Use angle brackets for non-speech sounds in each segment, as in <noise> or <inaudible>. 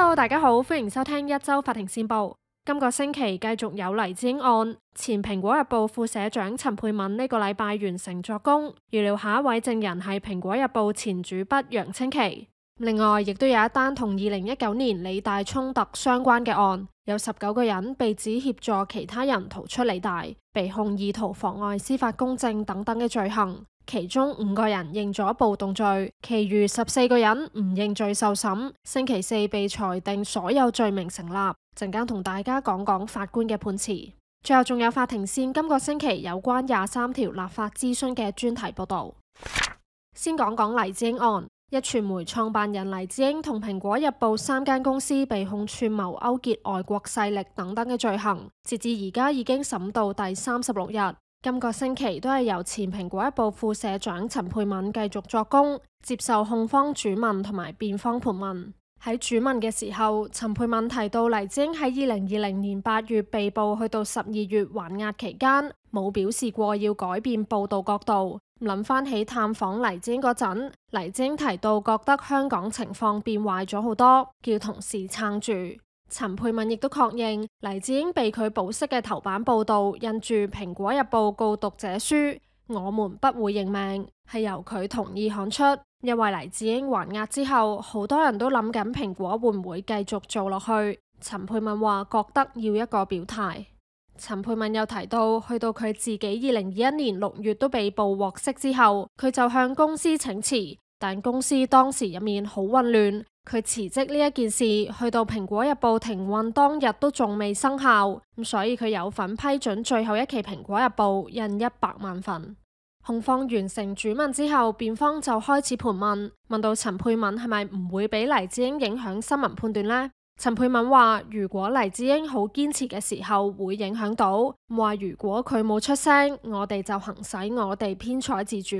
Hello，大家好，歡迎收聽一周法庭線報。今個星期繼續有黎智英案，前蘋果日報副社長陳沛敏呢個禮拜完成作供，預料下一位證人係蘋果日報前主筆楊清奇。另外，亦都有一單同二零一九年理大衝突相關嘅案，有十九個人被指協助其他人逃出理大，被控意圖妨礙司法公正等等嘅罪行。其中五個人認咗暴動罪，其餘十四個人唔認罪受審，星期四被裁定所有罪名成立。陣間同大家講講法官嘅判詞。最後仲有法庭線今個星期有關廿三條立法諮詢嘅專題報道。先講講黎智英案，一傳媒創辦人黎智英同蘋果日報三間公司被控串謀勾結外國勢力等等嘅罪行，截至而家已經審到第三十六日。今個星期都係由前蘋果一部副社長陳沛敏繼續作供，接受控方主問同埋辯方盤問。喺主問嘅時候，陳沛敏提到黎智英喺二零二零年八月被捕去到十二月還押期間，冇表示過要改變報道角度。諗翻起探訪黎智英嗰陣，黎智英提到覺得香港情況變壞咗好多，叫同事撐住。陳沛敏亦都確認黎智英被佢保釋嘅頭版報道印住《蘋果日報》告讀者書，我們不會認命，係由佢同意刊出。因為黎智英還押之後，好多人都諗緊蘋果會唔會繼續做落去。陳沛敏話覺得要一個表態。陳沛敏又提到，去到佢自己二零二一年六月都被捕獲釋之後，佢就向公司請辭，但公司當時入面好混亂。佢辭職呢一件事，去到《蘋果日報》停運當日都仲未生效，咁所以佢有份批准最後一期《蘋果日報》，印一百萬份。控方完成主問之後，辯方就開始盤問，問到陳佩敏係咪唔會俾黎智英影響新聞判斷呢？陳佩敏話：如果黎智英好堅持嘅時候會影響到，話如果佢冇出聲，我哋就行使我哋編採自主。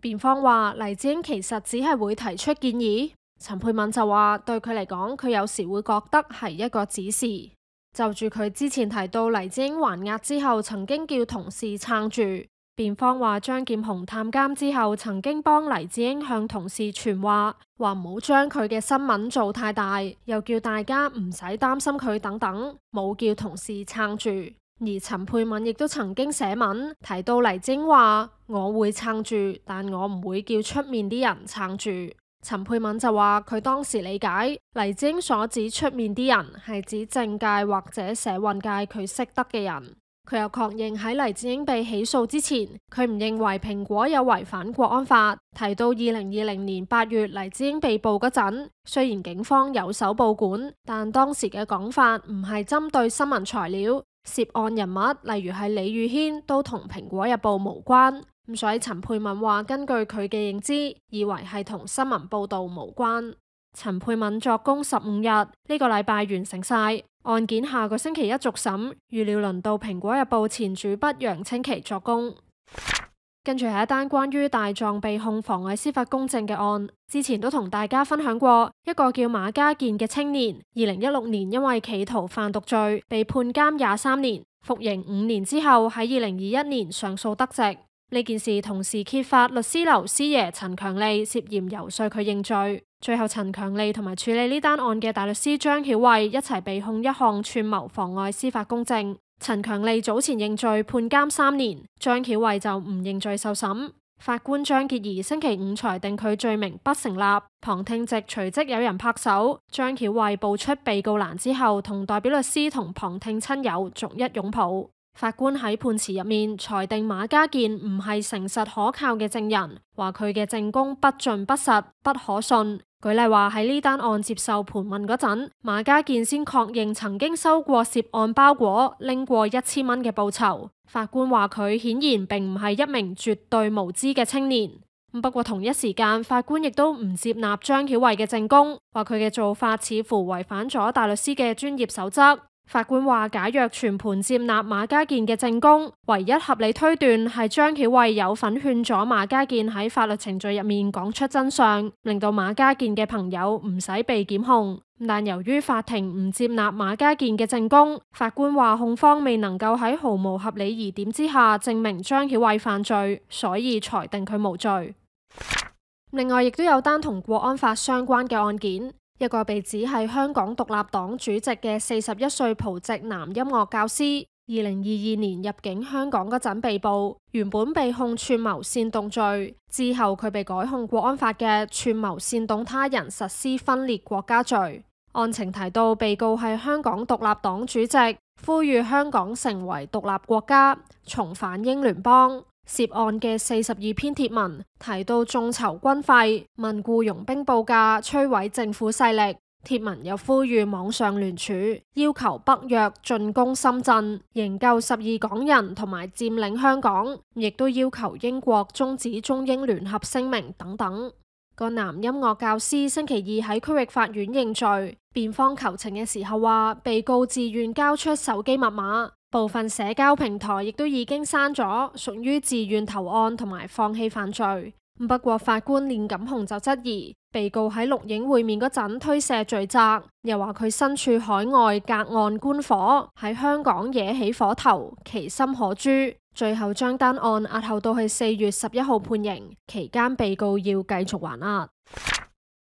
辯方話：黎智英其實只係會提出建議。陳沛敏就話：對佢嚟講，佢有時會覺得係一個指示。就住佢之前提到黎智英還押之後，曾經叫同事撐住。辯方話張劍虹探監之後，曾經幫黎智英向同事傳話，話唔好將佢嘅新聞做太大，又叫大家唔使擔心佢等等，冇叫同事撐住。而陳沛敏亦都曾經寫文提到黎智英話：我會撐住，但我唔會叫出面啲人撐住。陳佩敏就話佢當時理解黎智英所指出面啲人係指政界或者社運界佢識得嘅人。佢又確認喺黎智英被起訴之前，佢唔認為蘋果有違反國安法。提到二零二零年八月黎智英被捕嗰陣，雖然警方有搜報館，但當時嘅講法唔係針對新聞材料，涉案人物例如係李宇軒都同蘋果日報無關。唔使陳佩敏話，根據佢嘅認知，以為係同新聞報道無關。陳佩敏作供十五日，呢、這個禮拜完成晒案件，下個星期一續審，預料輪到蘋果日報前主筆楊清奇作供。嗯、跟住係一單關於大狀被控妨礙司法公正嘅案，之前都同大家分享過一個叫馬家健嘅青年，二零一六年因為企圖販毒罪被判監廿三年，服刑五年之後喺二零二一年上訴得直。呢件事同時揭發律師劉師爺陳強利涉嫌遊說佢認罪，最後陳強利同埋處理呢單案嘅大律師張曉惠一齊被控一項串謀妨礙司法公正。陳強利早前認罪判監三年，張曉惠就唔認罪受審。法官張潔儀星期五裁定佢罪名不成立，旁聽席隨即有人拍手。張曉惠步出被告欄之後，同代表律師同旁聽親友逐一擁抱。法官喺判詞入面裁定馬家健唔係誠實可靠嘅證人，話佢嘅證供不盡不實，不可信。舉例話喺呢單案接受盤問嗰陣，馬家健先確認曾經收過涉案包裹，拎過一千蚊嘅報酬。法官話佢顯然並唔係一名絕對無知嘅青年。不過同一時間，法官亦都唔接納張曉惠嘅證供，話佢嘅做法似乎違反咗大律師嘅專業守則。法官話：假若全盤接納馬家健嘅證供，唯一合理推斷係張曉惠有份勸阻馬家健喺法律程序入面講出真相，令到馬家健嘅朋友唔使被檢控。但由於法庭唔接納馬家健嘅證供，法官話控方未能夠喺毫無合理疑點之下證明張曉惠犯罪，所以裁定佢無罪。另外，亦都有單同國安法相關嘅案件。一個被指係香港獨立黨主席嘅四十一歲葡籍男音樂教師，二零二二年入境香港嗰陣被捕，原本被控串謀煽動罪，之後佢被改控國安法嘅串謀煽動他人實施分裂國家罪。案情提到，被告係香港獨立黨主席，呼籲香港成為獨立國家，重返英聯邦。涉案嘅四十二篇帖文提到眾籌軍費、問僱傭兵報價、摧毀政府勢力，帖文又呼籲網上聯署，要求北約進攻深圳、營救十二港人同埋占領香港，亦都要求英國終止中英聯合聲明等等。個男音樂教師星期二喺區域法院認罪，辯方求情嘅時候話，被告自願交出手機密碼。部分社交平台亦都已經刪咗，屬於自願投案同埋放棄犯罪。不過法官練錦鴻就質疑被告喺錄影會面嗰陣推卸罪責，又話佢身處海外隔岸觀火，喺香港惹起火頭，其心可誅。最後將單案押後到去四月十一號判刑，期間被告要繼續還押。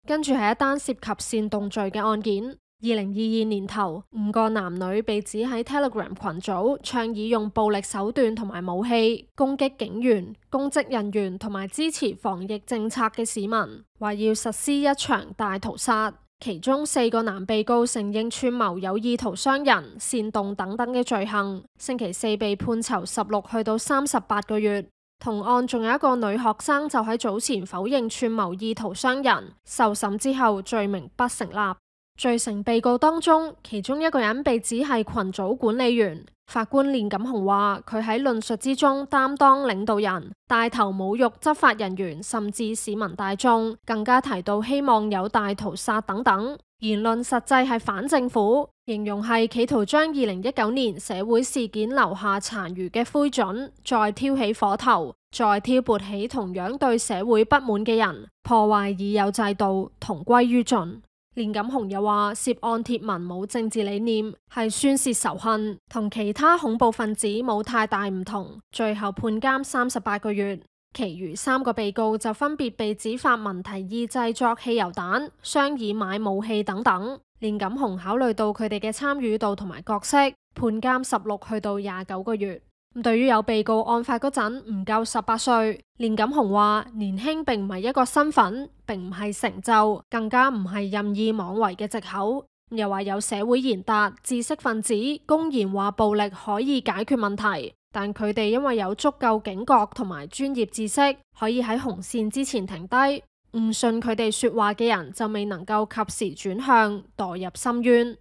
跟住係一單涉及煽動罪嘅案件。二零二二年頭，五個男女被指喺 Telegram 群組倡議用暴力手段同埋武器攻擊警員、公職人員同埋支持防疫政策嘅市民，話要實施一場大屠殺。其中四個男被告承認串謀有意圖傷人、煽動等等嘅罪行，星期四被判囚十六去到三十八個月。同案仲有一個女學生就喺早前否認串謀意圖傷人，受審之後罪名不成立。罪成被告當中，其中一個人被指係群組管理員。法官練錦雄話：佢喺論述之中擔當領導人，帶頭侮辱執法人員，甚至市民大眾，更加提到希望有大屠殺等等言論，實際係反政府，形容係企圖將二零一九年社會事件留下殘餘嘅灰燼，再挑起火頭，再挑撥起同樣對社會不滿嘅人，破壞已有制度，同歸於盡。連錦雄又話：涉案貼文冇政治理念，係宣泄仇恨，同其他恐怖分子冇太大唔同。最後判監三十八個月，其餘三個被告就分別被指發文提議製作汽油彈、商議買武器等等。練錦雄考慮到佢哋嘅參與度同埋角色，判監十六去到廿九個月。對於有被告案發嗰陣唔夠十八歲，練錦鴻話：年輕並唔係一個身份，並唔係成就，更加唔係任意妄為嘅借口。又話有社會賢達、知識分子公然話暴力可以解決問題，但佢哋因為有足夠警覺同埋專業知識，可以喺紅線之前停低。唔信佢哋說話嘅人就未能夠及時轉向，墮入深淵。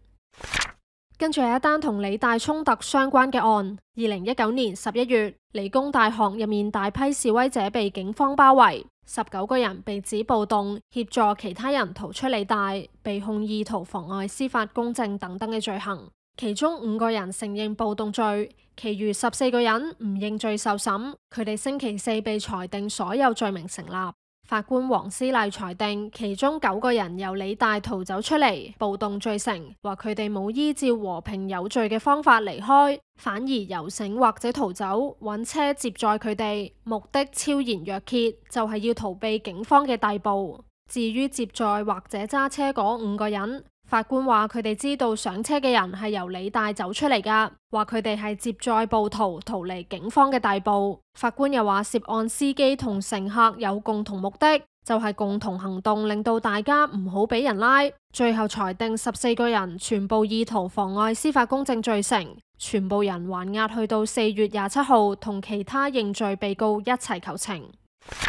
跟住有一單同理大衝突相關嘅案。二零一九年十一月，理工大學入面大批示威者被警方包圍，十九個人被指暴動，協助其他人逃出理大，被控意圖妨礙司法公正等等嘅罪行。其中五個人承認暴動罪，其餘十四個人唔認罪受審。佢哋星期四被裁定所有罪名成立。法官黃思麗裁定，其中九個人由理大逃走出嚟，暴動罪成，話佢哋冇依照和平有序嘅方法離開，反而游繩或者逃走，揾車接載佢哋，目的超然若揭，就係、是、要逃避警方嘅逮捕。至於接載或者揸車嗰五個人。法官話：佢哋知道上車嘅人係由理大走出嚟噶，話佢哋係接載暴徒逃離警方嘅逮捕。法官又話，涉案司機同乘客有共同目的，就係、是、共同行動，令到大家唔好俾人拉。最後裁定十四個人全部意圖妨礙司法公正罪成，全部人還押去到四月廿七號，同其他認罪被告一齊求情。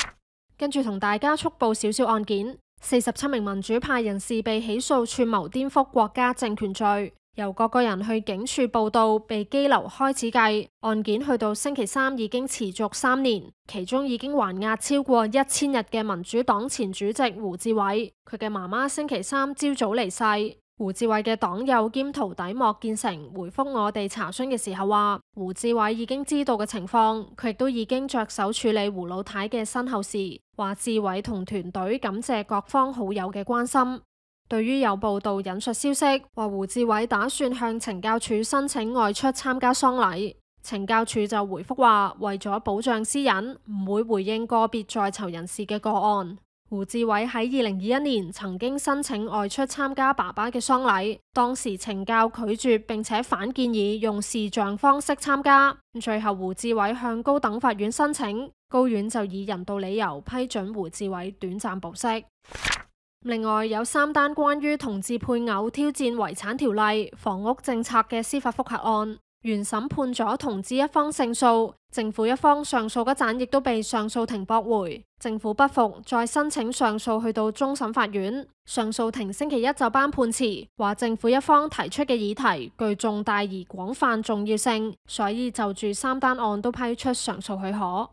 <coughs> 跟住同大家速報少少案件。四十七名民主派人士被起訴串謀顛覆國家政權罪，由各個人去警署報到被羈留開始計，案件去到星期三已經持續三年，其中已經還押超過一千日嘅民主黨前主席胡志偉，佢嘅媽媽星期三朝早離世。胡志偉嘅黨友兼徒弟莫建成回覆我哋查詢嘅時候話，胡志偉已經知道嘅情況，佢亦都已經着手處理胡老太嘅身後事。話志偉同團隊感謝各方好友嘅關心。對於有報道引述消息話胡志偉打算向懲教署申請外出參加喪禮，懲教署就回覆話為咗保障私隱，唔會回應個別在囚人士嘅個案。胡志偉喺二零二一年曾經申請外出參加爸爸嘅喪禮，當時懲教拒絕，並且反建議用視像方式參加。最後胡志偉向高等法院申請，高院就以人道理由批准胡志偉短暫保釋。另外有三單關於同志配偶挑戰遺產條例、房屋政策嘅司法覆核案原審判咗同志一方勝訴，政府一方上訴嗰陣，亦都被上訴庭駁回。政府不服，再申請上訴去到終審法院。上訴庭星期一就頒判詞，話政府一方提出嘅議題具重大而廣泛重要性，所以就住三單案都批出上訴許可。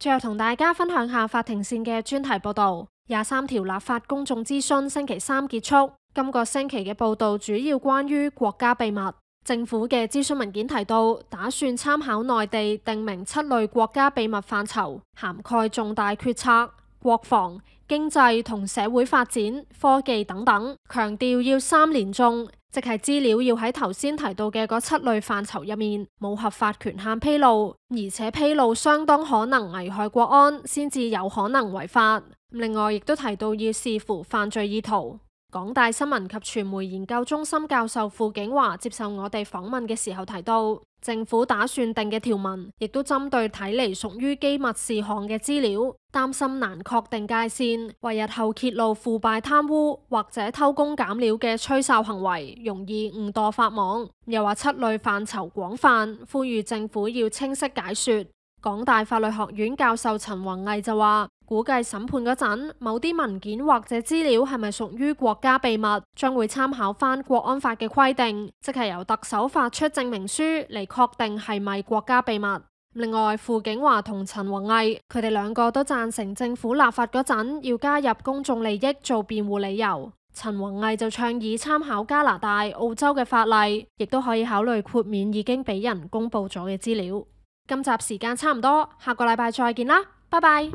最後同大家分享下法庭線嘅專題報道。廿三條立法公眾諮詢星期三結束，今個星期嘅報道主要關於國家秘密。政府嘅諮詢文件提到，打算參考內地定名七類國家秘密範疇，涵蓋重大決策、國防、經濟同社會發展、科技等等。強調要三連中，即係資料要喺頭先提到嘅嗰七類範疇入面，冇合法權限披露，而且披露相當可能危害國安，先至有可能違法。另外，亦都提到要視乎犯罪意圖。港大新聞及傳媒研究中心教授傅景華接受我哋訪問嘅時候提到，政府打算定嘅條文，亦都針對睇嚟屬於機密事項嘅資料，擔心難確定界線，為日後揭露腐敗貪污或者偷工減料嘅吹哨行為，容易誤墮法網。又話七類範疇廣泛，呼籲政府要清晰解說。港大法律學院教授陳弘毅就話。估計審判嗰陣，某啲文件或者資料係咪屬於國家秘密，將會參考翻國安法嘅規定，即係由特首發出證明書嚟確定係咪國家秘密。另外，傅景華同陳弘毅佢哋兩個都贊成政府立法嗰陣要加入公眾利益做辯護理由。陳弘毅就倡議參考加拿大、澳洲嘅法例，亦都可以考慮豁免已經俾人公布咗嘅資料。今集時間差唔多，下個禮拜再見啦，拜拜。